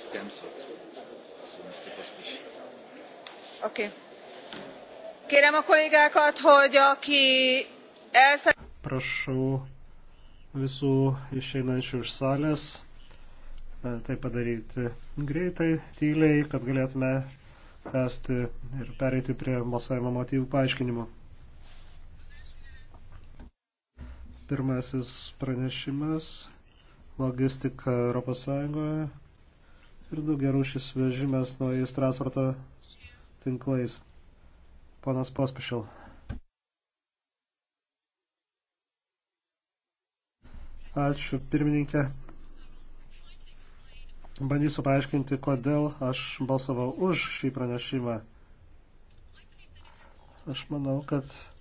just cancelled. So Mr. Pospish. Okay. Kérem a kollégákat, hogy aki elszak... Prašau visų išeinančių iš salės e, tai padaryti greitai, tyliai, kad galėtume tęsti ir pereiti prie balsavimo motyvų paaiškinimo. Pirmasis pranešimas logistika Europos Sąjungoje ir daugiarūšis vežimas naujais transporto tinklais. Ponas Pospišil. Ačiū pirmininkė. Bandysiu paaiškinti, kodėl aš balsavau už šį pranešimą. Aš manau, kad